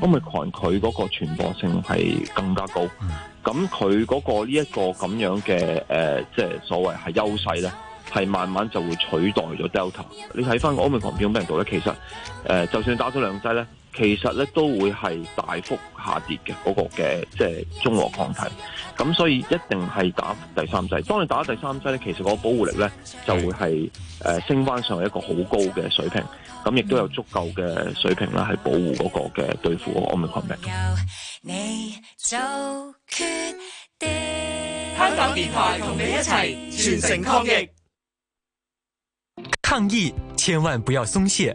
奧密克戎佢嗰個傳播性係更加高，咁佢嗰個呢一個咁樣嘅、呃、即係所謂係優勢咧，係慢慢就會取代咗 Delta。你睇翻個奧密克戎變咩病毒咧，其實、呃、就算打咗兩劑咧。其實咧都會係大幅下跌嘅嗰、那個嘅即係中和抗體，咁所以一定係打第三劑。當你打第三劑咧，其實個保護力咧就會係誒、呃、升翻上一個好高嘅水平，咁亦都有足夠嘅水平啦，係保護嗰個嘅對付我奧密克戎。由你做決定，香港電台同你一齊全城抗疫，抗疫，千萬不要鬆懈。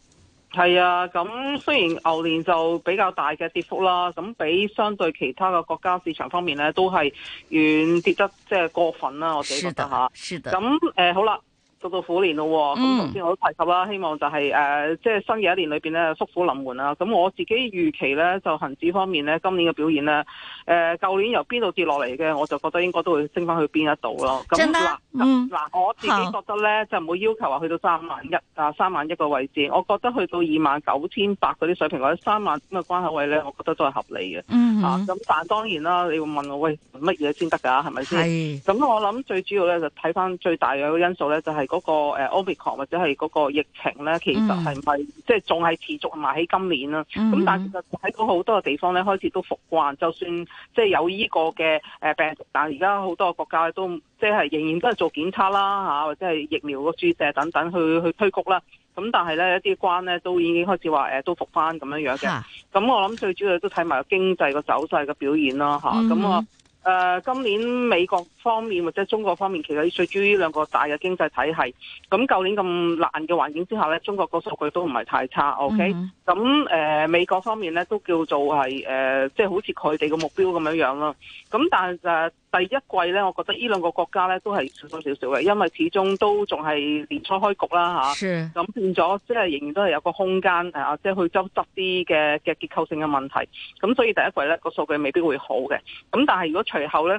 係啊，咁雖然牛年就比較大嘅跌幅啦，咁比相對其他嘅國家市場方面咧，都係遠跌得即係、就是、過分啦，我自己覺得吓。是的，咁誒、呃，好啦。到到虎年咯，咁頭先我都提及啦，希望就係、是、誒，即、呃、係、就是、新嘅一年裏邊咧縮虎臨門啦。咁我自己預期咧，就恆指方面咧，今年嘅表現咧，誒、呃、舊年由邊度跌落嚟嘅，我就覺得應該都會升翻去邊一度咯。咁啦，嗱、嗯、我自己覺得咧，就唔好要求話去到三萬一啊，三萬一個位置，我覺得去到二萬九千八嗰啲水平或者三萬咁嘅關口位咧，我覺得都係合理嘅。嗯，咁、啊、但當然啦，你要問我喂，乜嘢先得㗎？係咪先？咁我諗最主要咧就睇翻最大嘅一個因素咧，就係、是。嗰、那個 Omicron 或者係嗰個疫情咧，其實係咪、嗯、即係仲係持續埋喺今年啦？咁、嗯、但係其實喺好多個地方咧，開始都復慣。就算即係有呢個嘅誒病毒，但係而家好多個國家都即係仍然都係做檢測啦，吓或者係疫苗個注射等等去去推谷啦。咁但係咧一啲關咧都已經開始話誒都復翻咁樣樣嘅。咁、啊、我諗最主要都睇埋經濟個走勢嘅表現咯，吓、嗯，咁、啊、我。嗯誒、呃，今年美國方面或者中國方面，其實最主要呢兩個大嘅經濟體系，咁舊年咁難嘅環境之下咧，中國個數據都唔係太差，OK，咁、mm、誒 -hmm. 呃、美國方面咧都叫做係誒，即、呃、係、就是、好似佢哋嘅目標咁樣樣咯，咁但係誒。第一季呢，我覺得呢兩個國家呢都係少少少少嘅，因為始終都仲係年初開局啦吓，咁、啊、變咗即係仍然都係有個空間啊，即、就、係、是、去彌補啲嘅嘅結構性嘅問題，咁所以第一季呢個數據未必會好嘅，咁但係如果隨後呢，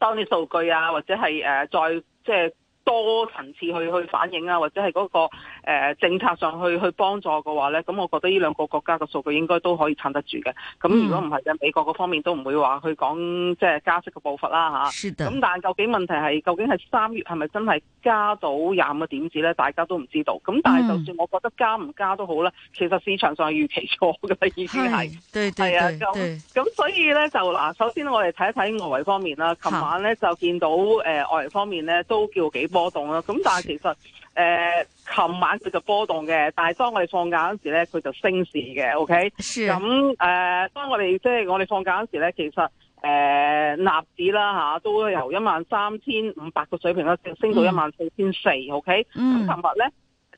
當你數據啊，或者係、呃、再即係。呃多層次去去反映啊，或者係嗰、那個、呃、政策上去去幫助嘅話咧，咁我覺得呢兩個國家嘅數據應該都可以撐得住嘅。咁、嗯、如果唔係嘅，美國嗰方面都唔會話去講即係加息嘅步伐啦吓，咁、啊、但係究竟問題係究竟係三月係咪真係加到廿五個點子咧？大家都唔知道。咁但係就算我覺得加唔加都好啦，其實市場上預期錯㗎喇意思係。對對對係啊，咁、嗯、所以咧就嗱，首先我哋睇一睇外圍方面啦。琴晚咧就見到誒、呃、外圍方面咧都叫幾。波動啦，咁但係其實誒，琴、呃、晚佢就波動嘅，但係當我哋放假嗰時咧，佢就升市嘅，OK？咁誒、嗯呃，當我哋即係我哋放假嗰時咧，其實誒納、呃、指啦都由一萬三千五百個水平升到一萬四千四，OK？咁琴日咧，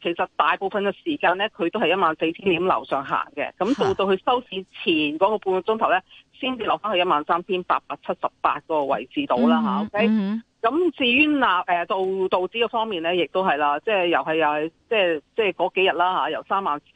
其實大部分嘅時間咧，佢都係一萬四千點樓上行嘅，咁、嗯嗯、到到去收市前嗰個半個鐘頭咧，先至落翻去一萬三千八百七十八個位置度啦吓 OK 咁至於納誒到道指方面咧，亦都係啦，即係又係又係，即係即係嗰幾日啦、啊、由三萬四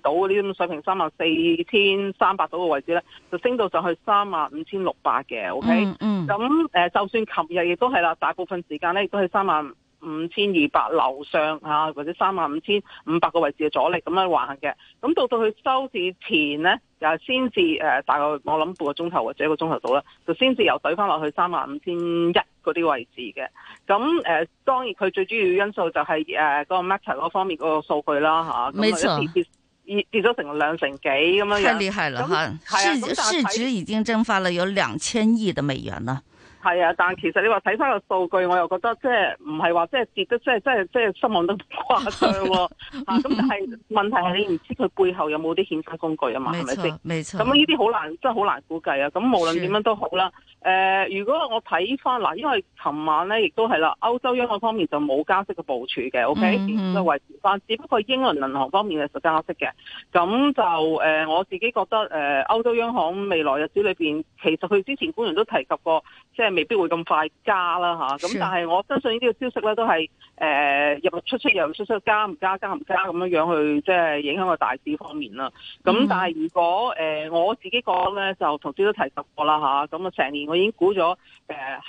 到呢啲咁水平，三萬四千三百到嘅位置咧，就升到上去三萬五千六百嘅，OK、嗯。咁、嗯、就算琴日亦都係啦，大部分時間咧亦都係三萬。五千二百樓上嚇，或者三萬五千五百個位置嘅阻力咁樣橫嘅，咁到到佢收市前咧，就先至誒、呃、大概我諗半個鐘頭或者一個鐘頭到啦，就先至又懟翻落去三萬五千一嗰啲位置嘅。咁誒、呃、當然佢最主要因素就係、是、嗰、呃那個 Meta 嗰方面嗰個數據啦嚇。冇錯，跌跌跌咗成兩成幾咁樣樣。太厲害啦！嚇、啊啊，市市值已經蒸發了有兩千億嘅美元啦。係啊，但係其實你話睇翻個數據，我又覺得即係唔係話即係跌得即係即係即係失望得誇張喎。咁、 啊，但係問題係你唔知佢背後有冇啲衍生工具啊嘛？係咪先？冇錯，冇錯。咁呢啲好難，真係好難估計啊。咁無論點樣都好啦。誒、呃，如果我睇翻嗱，因為琴晚咧亦都係啦，歐洲央行方面就冇加息嘅部署嘅。O、okay? K. 嗯嗯，就維持翻。只不過英倫銀行方面係實加息嘅。咁就誒、呃，我自己覺得誒，歐、呃、洲央行未來日子裏面，其實佢之前官員都提及過，即係未必會咁快加啦嚇，咁但係我相信呢啲消息咧，都係誒、呃、入出出入出出加唔加加唔加，咁樣去即係影響個大市方面啦。咁、mm -hmm. 但係如果誒、呃、我自己講咧，就投資都提及過啦嚇，咁啊成年我已經估咗誒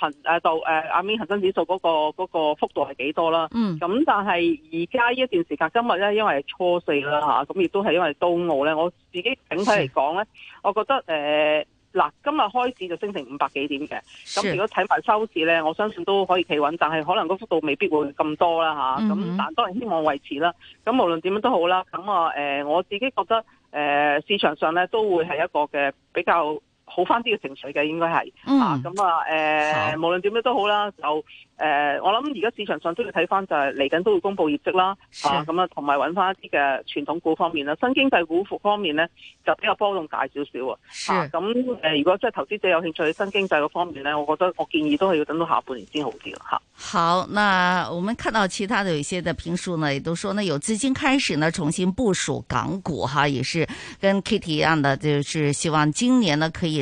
恆誒到誒亞美恒生指數嗰、個嗰、個、幅度係幾多啦？嗯，咁但係而家呢一段時間今日咧，因為係初四啦嚇，咁亦都係因為冬奧咧，我自己整體嚟講咧，我覺得誒。嗱，今日開始就升成五百幾點嘅，咁如果睇埋收市咧，我相信都可以企穩，但係可能嗰幅度未必會咁多啦吓咁、啊、但當然希望維持啦。咁無論點樣都好啦。咁啊、呃，我自己覺得、呃、市場上咧都會係一個嘅比較。好翻啲嘅情緒嘅應該係，嗯、啊，咁啊，誒無論點樣都好啦，就誒、呃、我諗而家市場上都要睇翻就係嚟緊都會公布業績啦，啊，咁啊，同埋揾翻一啲嘅傳統股方面啦，新經濟股方面咧就比較波動大少少啊，咁誒、嗯，如果即係投資者有興趣新經濟嘅方面咧，我覺得我建議都係要等到下半年先好啲咯。好，那我們看到其他的有一些嘅評述呢，亦都說呢有資金開始呢重新部署港股哈，也是跟 Kitty 一樣的，就是希望今年呢可以。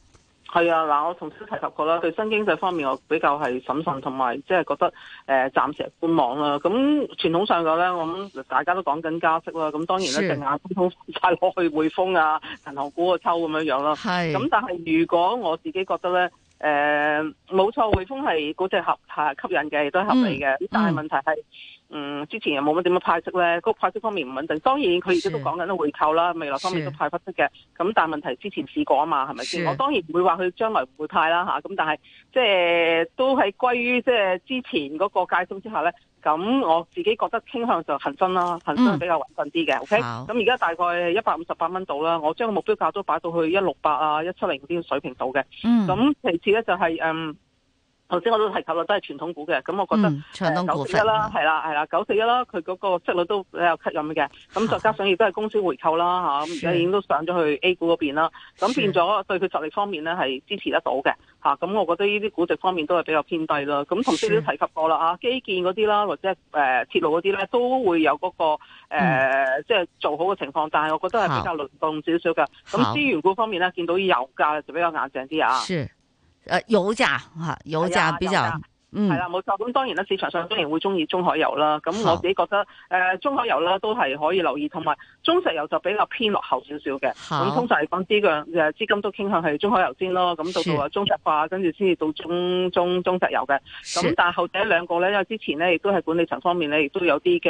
係啊，嗱，我同時提及過啦。對新經濟方面，我比較係審慎，同埋即係覺得誒、呃、暫時係觀望啦。咁傳統上講咧，我諗大家都講緊加息啦。咁當然咧，淨係通通晒落去匯豐啊、銀行股個抽咁樣樣啦。係。咁但係如果我自己覺得咧，誒、呃、冇錯，匯豐係嗰隻合係吸引嘅，亦都係合理嘅，嗯。但係問題係。嗯嗯，之前又冇乜點樣派息咧，個派息方面唔穩定。當然佢而家都講緊都回購啦，未來方面都派不出嘅。咁但係問題之前試過啊嘛，係咪先？我當然唔會話佢將來唔會派啦吓。咁、啊、但係即係都係歸於即係之前嗰個界中之下咧。咁我自己覺得傾向就恒生啦，恒生比較穩陣啲嘅。O、嗯、K。咁而家大概一百五十八蚊度啦，我將目標價都擺到去一六八啊，一七零嗰啲水平度嘅。咁、嗯、其次咧就係、是嗯頭先我都提及啦，都係傳統股嘅，咁我覺得長通股份啦，係啦，係啦，九四一啦，佢嗰個息率都比較吸引嘅，咁再加上亦都係公司回購啦，咁而家已經都上咗去 A 股嗰邊啦，咁變咗對佢實力方面咧係支持得到嘅，咁、啊、我覺得呢啲估值方面都係比較偏低啦，咁同時都提及過啦啊基建嗰啲啦或者誒鐵、呃、路嗰啲咧都會有嗰、那個、呃嗯、即係做好嘅情況，但係我覺得係比較輪動少少嘅，咁資源股方面咧見到油價就比較硬淨啲啊。誒，油價吓，油價比較，是嗯，係啦，冇錯。咁當然咧，市場上當然會中意中海油啦。咁我自己覺得，誒、呃，中海油啦，都係可以留意。同埋，中石油就比較偏落後少少嘅。咁通常嚟講，呢個誒資金都傾向係中海油先咯。咁到到啊中石化，跟住先至到中中中石油嘅。咁但係後者兩個咧，因為之前咧亦都係管理層方面咧，亦都有啲嘅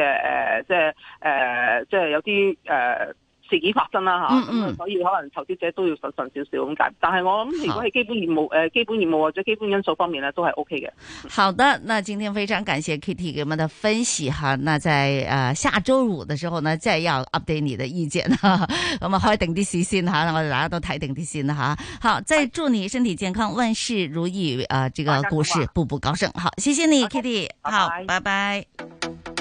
誒，即係誒，即係有啲誒。呃呃呃呃呃呃自己發生啦、啊、吓、嗯嗯啊，所以可能投資者都要謹慎少少咁解。但係我諗，如果係基本業務誒、呃，基本業務或者基本因素方面咧，都係 O K 嘅。好的，那今天非常感謝 Kitty 給我們的分析哈、啊。那在啊、呃、下周五嘅時候呢，再要 update 你的意見啦、啊。咁我開定啲先吓我哋大家都睇定啲先啦哈。好，再祝你身體健康，萬事如意啊！這個股市步步高升。好，謝謝你，Kitty、okay。好，拜拜。Bye bye。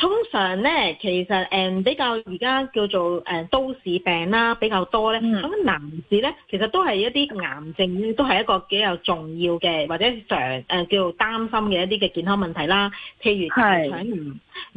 通常咧，其實誒、嗯、比較而家叫做誒、呃、都市病啦，比較多咧。咁、嗯、男士咧，其實都係一啲癌症都係一個比較重要嘅或者常、呃、叫做擔心嘅一啲嘅健康問題啦。譬如腸癌、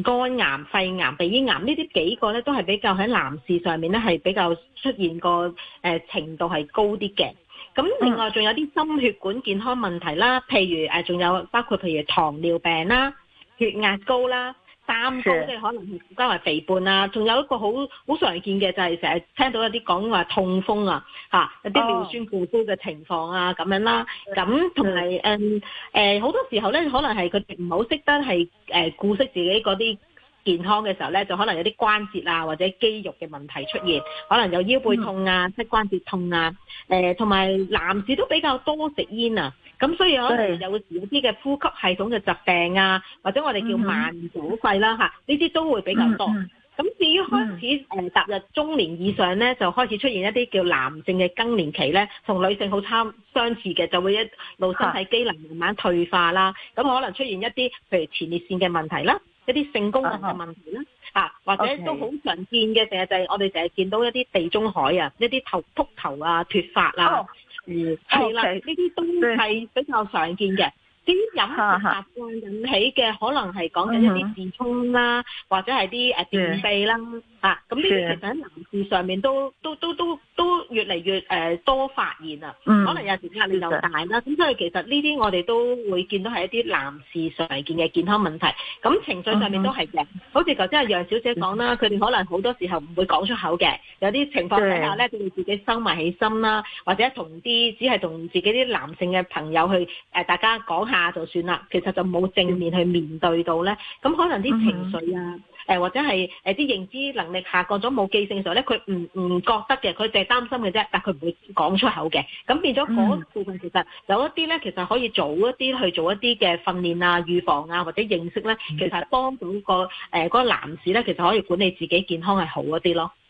肝癌、肺癌、鼻咽癌呢啲幾個咧，都係比較喺男士上面咧係比較出現個誒、呃、程度係高啲嘅。咁另外仲有啲心血管健康問題啦，譬如仲、呃、有包括譬如糖尿病啦、血壓高啦。三高即係可能加埋肥胖啊，仲有一個好好常見嘅就係成日聽到有啲講話痛風啊，嚇、哦啊、有啲尿酸過高嘅情況啊咁樣啦、啊。咁同埋誒誒好多時候咧，可能係佢哋唔好識得係誒、呃、顧惜自己嗰啲健康嘅時候咧，就可能有啲關節啊或者肌肉嘅問題出現，可能有腰背痛啊、膝、嗯、關節痛啊，誒同埋男士都比較多食煙啊。咁所以我哋有少啲嘅呼吸系統嘅疾病啊，或者我哋叫慢阻肺啦吓呢啲、mm -hmm. 都會比較多。咁、mm -hmm. 至於開始誒、mm -hmm. 呃、踏入中年以上咧，就開始出現一啲叫男性嘅更年期咧，同女性好差相似嘅，就會一路身體機能慢慢退化啦。咁、啊、可能出現一啲，譬如前列腺嘅問題啦，一啲性功能嘅問題啦，uh -huh. 啊或者、okay. 都好常見嘅，成日就係、是、我哋成係成日見到一啲地中海啊，一啲頭禿頭啊、脫髮啊。Oh. 嗯，係、哦、啦，呢啲都係比較常見嘅。啲飲食習慣引起嘅，可能係講緊一啲痔瘡啦、嗯，或者係啲誒便秘啦，嚇咁呢啲其實喺男士上面都都都都都越嚟越誒多發現啦、嗯，可能有時壓力又大啦，咁所以其實呢啲我哋都會見到係一啲男士常見嘅健康問題，咁情緒上面都係嘅、嗯，好似頭先阿楊小姐講啦，佢、嗯、哋可能好多時候唔會講出口嘅，有啲情況底下咧佢哋自己收埋起心啦，或者同啲只係同自己啲男性嘅朋友去誒、呃、大家講。下就算啦，其實就冇正面去面對到咧，咁可能啲情緒啊，嗯、或者係啲認知能力下降咗冇記性嘅時候咧，佢唔唔覺得嘅，佢凈係擔心嘅啫，但佢唔會講出口嘅，咁變咗嗰部分其實有一啲咧，其實可以早一啲去做一啲嘅訓練啊、預防啊或者認識咧，其實幫到個誒嗰個男士咧，其實可以管理自己健康係好一啲咯。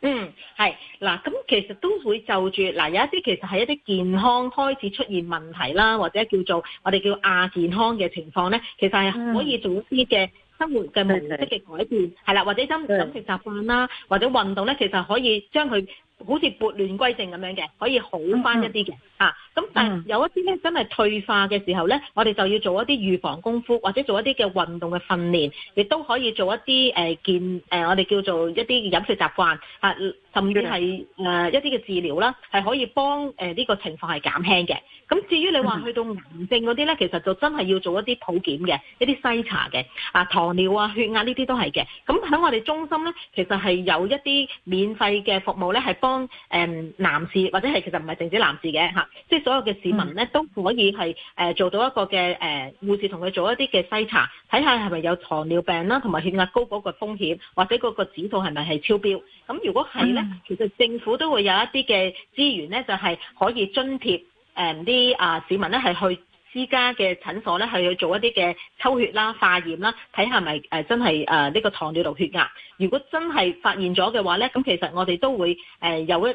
嗯，係嗱，咁其實都會就住嗱，有一啲其實係一啲健康開始出現問題啦、嗯，或者叫做我哋叫亞健康嘅情況咧，其實係可以做一啲嘅生活嘅模式嘅改變，係、嗯、啦，或者生活飲食習慣啦，或者運動咧，其實可以將佢。好似撥亂歸正咁樣嘅，可以好翻一啲嘅、嗯，啊，咁但係有一啲咧真係退化嘅時候咧、嗯，我哋就要做一啲預防功夫，或者做一啲嘅運動嘅訓練，亦都可以做一啲誒、呃、健誒、呃，我哋叫做一啲飲食習慣、啊甚至係誒一啲嘅治療啦，係可以幫誒呢個情況係減輕嘅。咁至於你話去到癌症嗰啲咧，其實就真係要做一啲普檢嘅一啲篩查嘅。啊，糖尿啊、血壓呢啲都係嘅。咁喺我哋中心咧，其實係有一啲免費嘅服務咧，係幫誒男士或者係其實唔係淨止男士嘅嚇，即係所有嘅市民咧都可以係誒做到一個嘅誒護士同佢做一啲嘅篩查，睇下係咪有糖尿病啦，同埋血壓高嗰個風險，或者嗰個指數係咪係超標。咁如果係咧，其實政府都會有一啲嘅資源呢就係可以津貼誒啲啊市民呢係去私家嘅診所呢係去做一啲嘅抽血啦、化驗啦，睇下係咪誒真係誒呢個糖尿病血壓。如果真係發現咗嘅話呢，咁其實我哋都會誒有一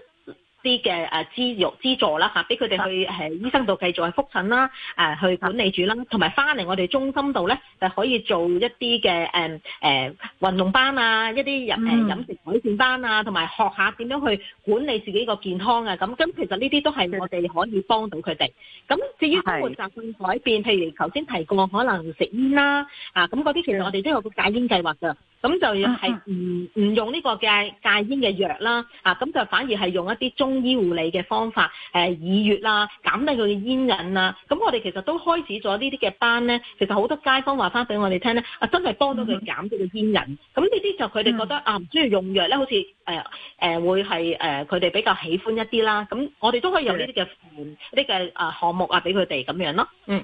啲嘅誒資育資助啦嚇，俾佢哋去誒醫生度繼續去覆診啦，誒去管理住啦，同埋翻嚟我哋中心度咧，就可以做一啲嘅誒誒運動班啊，一啲飲誒飲食改善班啊，同埋學下點樣去管理自己個健康啊咁。咁其實呢啲都係我哋可以幫到佢哋。咁至於生活習慣改變，譬如頭先提過可能食煙啦，啊咁嗰啲其實我哋都有個戒煙計劃㗎。咁就係唔唔用呢個嘅戒煙嘅藥啦，啊咁就反而係用一啲中醫護理嘅方法，誒耳穴啦減低佢嘅煙癮啦。咁我哋其實都開始咗呢啲嘅班咧，其實好多街坊話翻俾我哋聽咧，啊真係幫到佢減低嘅煙癮。咁呢啲就佢哋覺得啊唔需要用藥咧，好似誒會係誒佢哋比較喜歡一啲啦。咁我哋都可以有呢啲嘅嘅項目啊俾佢哋咁樣咯。嗯。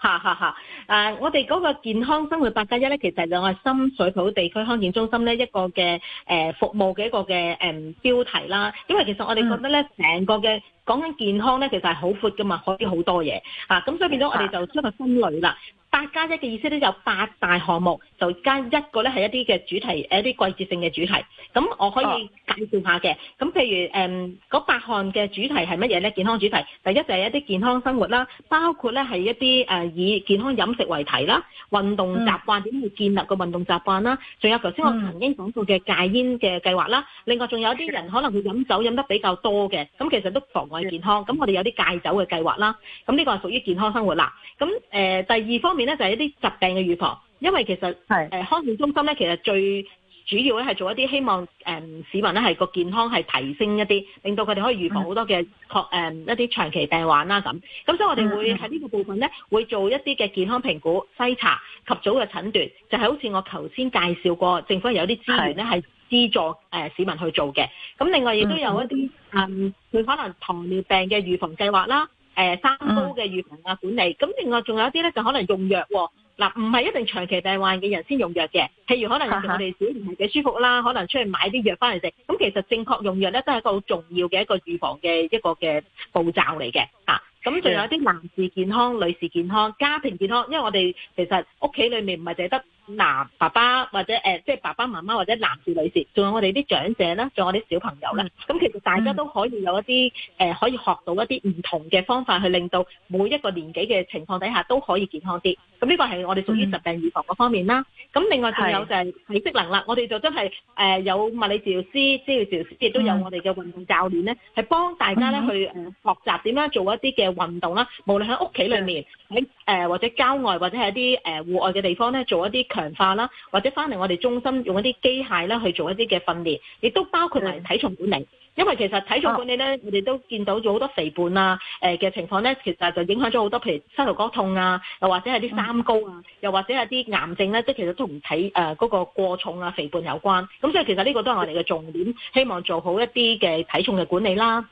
哈哈哈誒，我哋嗰個健康生活八加一咧，其實就係深水埗地區康健中心咧一個嘅誒、呃、服務嘅一個嘅誒、呃、標題啦。因為其實我哋覺得咧，成、嗯、個嘅講緊健康咧，其實係好闊噶嘛，可以好多嘢咁、啊、所以變咗我哋就將個分類啦。八加一嘅意思咧，有八大項目，就加一個咧，係一啲嘅主題，一啲季節性嘅主題。咁我可以介紹下嘅。咁、哦、譬如誒，嗰、嗯、八項嘅主題係乜嘢咧？健康主題，第一就係一啲健康生活啦，包括咧係一啲誒、呃、以健康飲食為題啦，運動習慣點去、嗯、建立個運動習慣啦，仲有頭先我曾經講過嘅戒煙嘅計劃啦、嗯。另外仲有啲人可能會飲酒飲得比較多嘅，咁其實都妨礙健康。咁、嗯、我哋有啲戒酒嘅計劃啦。咁呢個係屬於健康生活啦。咁、呃、第二方面。邊咧就係、是、一啲疾病嘅預防，因為其實係誒、呃、康健中心咧，其實最主要咧係做一啲希望誒、呃、市民咧係個健康係提升一啲，令到佢哋可以預防好多嘅確誒一啲長期病患啦咁。咁所以我哋會喺呢個部分咧，會做一啲嘅健康評估、篩查及早嘅診斷，就係、是、好似我頭先介紹過，政府有啲資源咧係資助誒、呃、市民去做嘅。咁另外亦都有一啲誒，佢、呃、可能糖尿病嘅預防計劃啦。誒、呃、三高嘅預防啊管理，咁另外仲有啲咧就可能用藥喎、哦，嗱，唔係一定長期病患嘅人先用藥嘅，譬如可能用我哋小兒係幾舒服啦， 可能出去買啲藥翻嚟食，咁其實正確用藥咧都係一個好重要嘅一個預防嘅一個嘅步驟嚟嘅吓。咁、嗯、仲有一啲男士健康、女士健康、家庭健康，因為我哋其實屋企裏面唔係淨得男爸爸或者誒即係爸爸媽媽或者男士女士，仲有我哋啲長者啦，仲有我啲小朋友啦，咁、嗯、其實大家都可以有一啲誒、嗯呃、可以學到一啲唔同嘅方法，去令到每一個年紀嘅情況底下都可以健康啲。咁呢個係我哋屬於疾病預防嗰方面啦。咁、嗯、另外仲有就係體適能啦，我哋就真係誒、呃、有物理治療師，醫療治療師亦都有我哋嘅運動教練咧，係幫大家咧去誒、嗯呃、學習點樣做一啲嘅。運動啦，無論喺屋企裏面，喺誒、呃、或者郊外，或者係一啲誒戶外嘅地方咧，做一啲強化啦，或者翻嚟我哋中心用一啲機械咧去做一啲嘅訓練，亦都包括埋體重管理。因為其實體重管理咧、啊，我哋都見到咗好多肥胖啊誒嘅情況咧，其實就影響咗好多，譬如膝頭骨痛啊，又或者係啲三高啊、嗯，又或者係啲癌症咧，即係其實同體誒嗰、呃嗰個過重啊肥胖有關。咁所以其實呢個都係我哋嘅重點，希望做好一啲嘅體重嘅管理啦。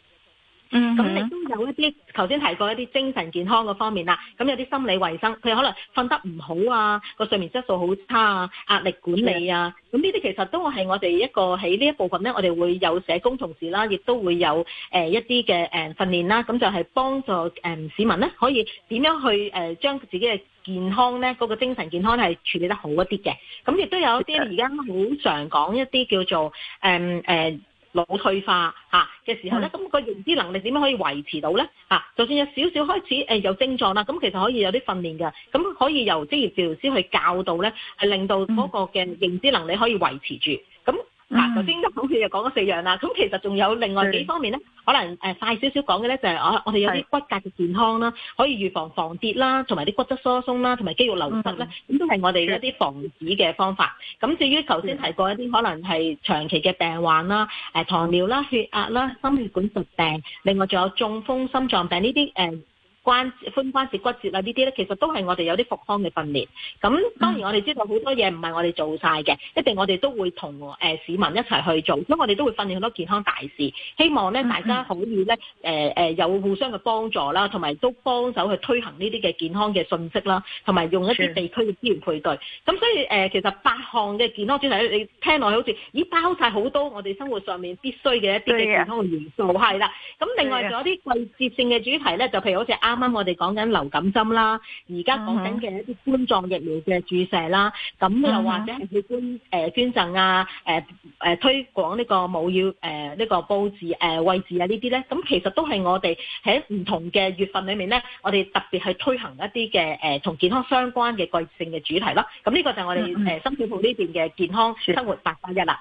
嗯，咁亦都有一啲，頭、嗯、先提過一啲精神健康個方面啦，咁有啲心理衛生，佢可能瞓得唔好啊，個睡眠質素好差啊，壓力管理啊，咁呢啲其實都係我哋一個喺呢一部分咧，我哋會有社工同事啦，亦都會有誒一啲嘅誒訓練啦，咁就係幫助誒、嗯、市民咧，可以點樣去誒將、呃、自己嘅健康咧，嗰、嗰個精神健康係處理得好一啲嘅，咁亦都有一啲而家好常講一啲叫做誒誒。嗯呃腦退化吓嘅時候咧，咁、個認知能力點樣可以維持到咧吓，就算有少少開始誒有症狀啦，咁其實可以有啲訓練嘅，咁可以由職業治療師去教導咧，係令到嗰個嘅認知能力可以維持住咁。嗱、嗯，頭先一口氣又講咗四樣啦，咁其實仲有另外幾方面咧，可能誒快少少講嘅咧，就係我我哋有啲骨骼嘅健康啦，可以預防防跌啦，同埋啲骨質疏鬆啦，同埋肌肉流失咧，咁都係我哋一啲防止嘅方法。咁至於頭先提過一啲可能係長期嘅病患啦，誒糖尿啦、血壓啦、心血管疾病，另外仲有中風、心臟病呢啲誒。關髖關節骨折啊，呢啲咧，其實都係我哋有啲復康嘅訓練。咁當然我哋知道好多嘢唔係我哋做晒嘅，一定我哋都會同誒市民一齊去做。因為我哋都會訓練好多健康大事，希望咧大家可以咧誒誒有互相嘅幫助啦，同埋都幫手去推行呢啲嘅健康嘅信息啦，同埋用一啲地區嘅資源配對。咁所以誒，其實八項嘅健康主題你聽落去好似已經包晒好多我哋生活上面必須嘅一啲嘅健康元素係啦。咁另外仲有啲季節性嘅主題咧，就譬如好似啱。啱啱，我哋講緊流感針啦，而家講緊嘅一啲冠狀疫苗嘅注射啦，咁、uh、又 -huh. 或者係去捐誒、呃、捐贈啊，誒、呃、誒推廣呢個冇要誒呢個布置誒、呃、位置啊呢啲咧，咁其實都係我哋喺唔同嘅月份裏面咧，我哋特別去推行一啲嘅誒同健康相關嘅季性嘅主題咯。咁呢個就係我哋誒、uh -huh. 呃、深水埗呢邊嘅健康生活八加一啦。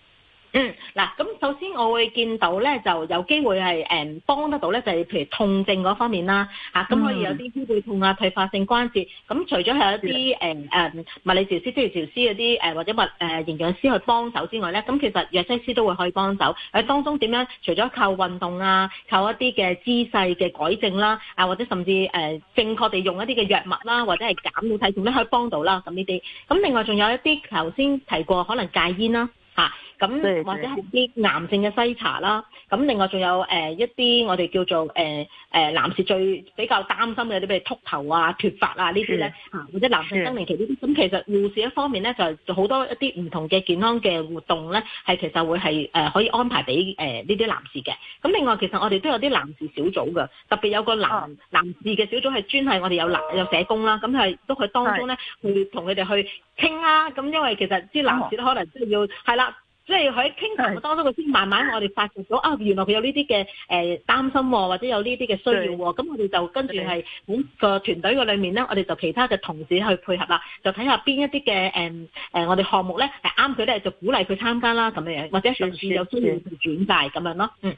嗯，嗱，咁首先我會見到咧，就有機會係誒幫得到咧，就係、是、譬如痛症嗰方面啦，嚇、嗯、咁、啊、可以有啲腰背痛啊、退化性關節，咁除咗係一啲誒物理治療師、職業治療師嗰啲誒或者物誒、啊、營養師去幫手之外咧，咁其實藥劑師都會可以幫手喺、啊、當中點樣？除咗靠運動啊，靠一啲嘅姿勢嘅改正啦，啊或者甚至誒、啊、正確地用一啲嘅藥物啦，或者係減到體重咧，可以幫到啦。咁呢啲，咁另外仲有一啲頭先提過，可能戒煙啦。嚇、啊、咁或者係啲癌症嘅篩查啦，咁另外仲有誒、呃、一啲我哋叫做誒誒、呃呃、男士最比較擔心嘅啲如禿頭啊、脫髮啊呢啲咧，嚇、啊、或者男性生命期呢啲，咁其實護士一方面咧就係好多一啲唔同嘅健康嘅活動咧，係其實會係誒、呃、可以安排俾誒呢啲男士嘅。咁另外其實我哋都有啲男士小組嘅，特別有個男、啊、男士嘅小組係專係我哋有男有社工啦，咁係都去當中咧去同佢哋去傾啦。咁因為其實啲男士咧可能即係要係啦。啊即係喺傾談當中，佢先慢慢我哋發現咗，啊，原來佢有呢啲嘅誒擔心、哦、或者有呢啲嘅需要喎、哦。咁、嗯、我哋就跟住係本個團隊嘅裏面咧，我哋就其他嘅同事去配合啦，就睇下邊一啲嘅誒我哋項目咧係啱佢咧，就鼓勵佢參加啦咁樣，或者上次有資源去轉介咁樣咯。嗯。嗯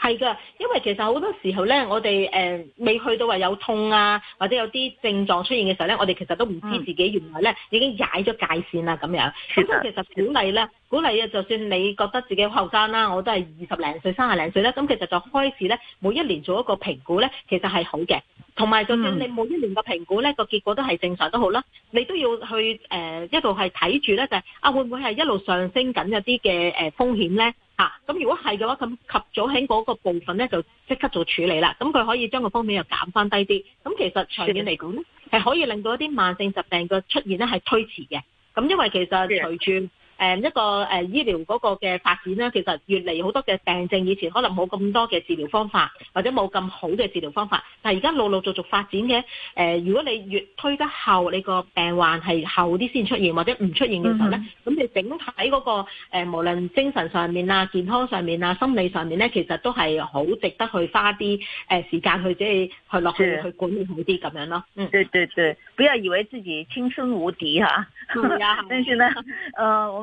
係噶，因為其實好多時候咧，我哋誒未去到話有痛啊，或者有啲症狀出現嘅時候咧，我哋其實都唔知自己原來咧、嗯、已經踩咗界線啦咁樣。咁其，其實鼓勵咧，鼓勵啊，就算你覺得自己後生啦，我都係二十零歲、三十零歲啦。咁其實就開始咧，每一年做一個評估咧，其實係好嘅。同埋，就算你每一年嘅評估咧個結果都係正常都好啦，你都要去誒、呃、一度係睇住咧，就係、是、啊會唔會係一路上升緊有啲嘅誒風險咧？吓、啊，咁如果係嘅話，咁及早喺嗰個部分咧，就即刻做處理啦。咁佢可以將個方面又減翻低啲。咁其實長遠嚟講咧，係可以令到一啲慢性疾病嘅出現咧係推遲嘅。咁因為其實隨住。誒、嗯、一個誒、呃、醫療嗰個嘅發展啦，其實越嚟好多嘅病症，以前可能冇咁多嘅治療方法，或者冇咁好嘅治療方法，但係而家陸陸續續發展嘅誒、呃，如果你越推得後，你個病患係後啲先出現，或者唔出現嘅時候咧，咁、嗯、你整體嗰、那個誒、呃，無論精神上面啊、健康上面啊、心理上面咧，其實都係好值得去花啲誒時間去即係去落去去管理好啲咁樣咯。嗯，對對對，不要以為自己青春無敵嚇、啊，嗯啊、 但是呢， 呃，我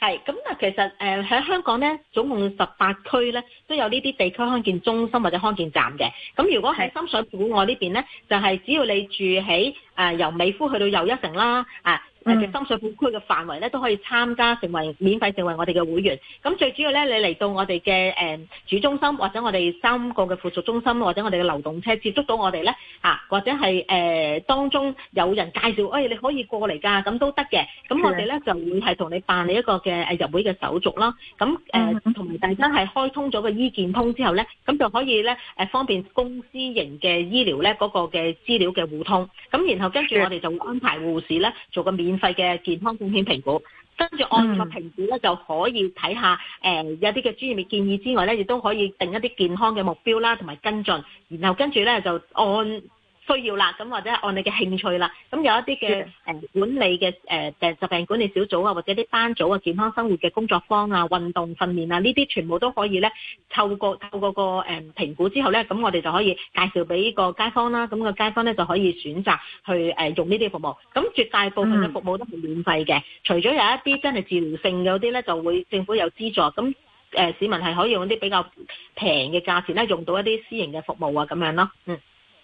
係，咁其實誒喺、呃、香港咧，總共十八區咧都有呢啲地區康健中心或者康健站嘅。咁如果喺深水埗外呢邊咧，就係、是、只要你住喺誒、呃、由美孚去到又一城啦，啊。誒、嗯、深水埗區嘅範圍咧，都可以參加成為免費成為我哋嘅會員。咁最主要咧，你嚟到我哋嘅誒主中心或者我哋三個嘅附屬中心或者我哋嘅流動車接觸到我哋咧嚇，或者係誒、呃、當中有人介紹，誒、哎、你可以過嚟㗎，咁都得嘅。咁我哋咧就會係同你辦理一個嘅誒入會嘅手續啦。咁誒同埋第三係開通咗個醫健通之後咧，咁就可以咧誒方便公私營嘅醫療咧嗰、那個嘅資料嘅互通。咁然後跟住我哋就會安排護士咧做個免費免費嘅健康保險評估，跟住按個評估咧就可以睇下，誒有啲嘅專業嘅建議之外咧，亦都可以定一啲健康嘅目標啦，同埋跟進。然後跟住咧就按。需要啦，咁或者按你嘅興趣啦，咁有一啲嘅管理嘅誒疾病管理小組啊，或者啲班組啊，健康生活嘅工作坊啊，運動訓練啊，呢啲全部都可以呢。透過透過個誒評估之後呢，咁我哋就可以介紹俾個街坊啦，咁個街坊呢，就可以選擇去誒用呢啲服務。咁絕大部分嘅服務都係免費嘅，嗯，除咗有一啲真係治療性嗰啲呢，就會政府有資助，咁誒市民係可以用啲比較平嘅價錢呢，用到一啲私營嘅服務啊咁樣咯，嗯。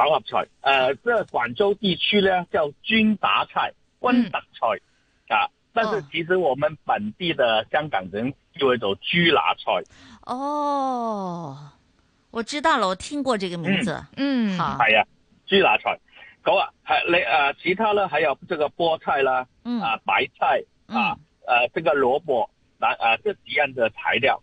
炒合菜，呃，這廣州地區呢叫君達菜、官達菜、嗯，啊，但是其實我們本地的香港人叫佢做豬乸菜。哦，我知道了，我聽過這個名字。嗯，嗯好，係啊，豬乸菜。咁啊，係你啊，其他呢，還有這個菠菜啦，啊，白菜啊，呃、嗯啊，這個蘿蔔，啊，這幾樣的材料。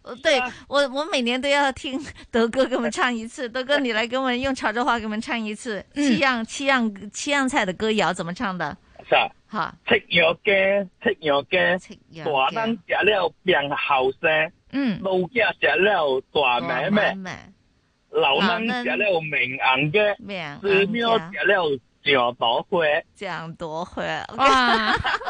對我，我每年都要聽德哥給我們唱一次。 德哥，你來給我們用潮州話給我們唱一次《嗯、七樣七樣七樣菜》的歌謠，怎麼唱的？是、嗯、啊，好。七樣嘅，七樣嘅、嗯，大人食了變後生。嗯。老家食了大妹妹、嗯，老人吃能食了面硬的面硬嘅。寺了多會。講多會。啊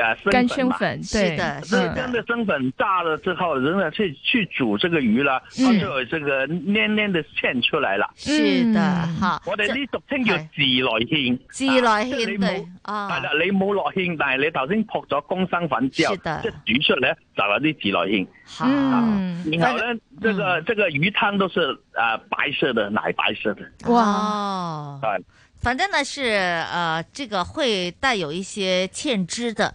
啊，乾生粉，對的，乾的生粉炸了之後，然後去，去煮這個魚啦，嗯，它就有這個黏黏的芡出來了。是的，哈、嗯，我哋呢俗稱叫自來芡，自來芡，對。啊，嗱，你冇落芡，但係你頭先撲咗乾生粉即一煮出嚟就係啲自來芡，啊啊啊啊啊。然後呢，呢、嗯，這個這個魚湯都是啊、呃、白色的，奶白色的。哇，哦、對，反正呢是呃，這個會帶有一些芡汁的。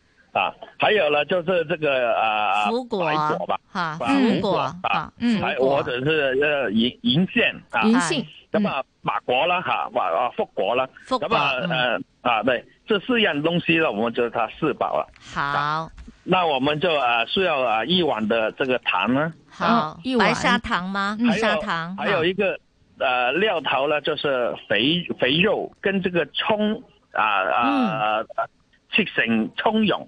啊，還有呢，就是這個啊，白果吧，哈，福果，啊，嗯，還、啊啊嗯、或者是銀銀、啊嗯、杏，銀、啊、杏，那、啊、麼、嗯、馬國啦，哈、啊，白啊，啊，啊，福果啦，咁啊，誒、嗯，啊，對，這四樣東西呢，我們就叫它四寶啦。好、啊，那我們就啊需要啊一碗的這個糖呢、啊，好，啊、一碗白砂糖嗎？白、嗯、砂糖還、嗯，還有一個，呃料頭呢，就是肥肥肉跟這個蔥，啊啊，切成蔥蓉。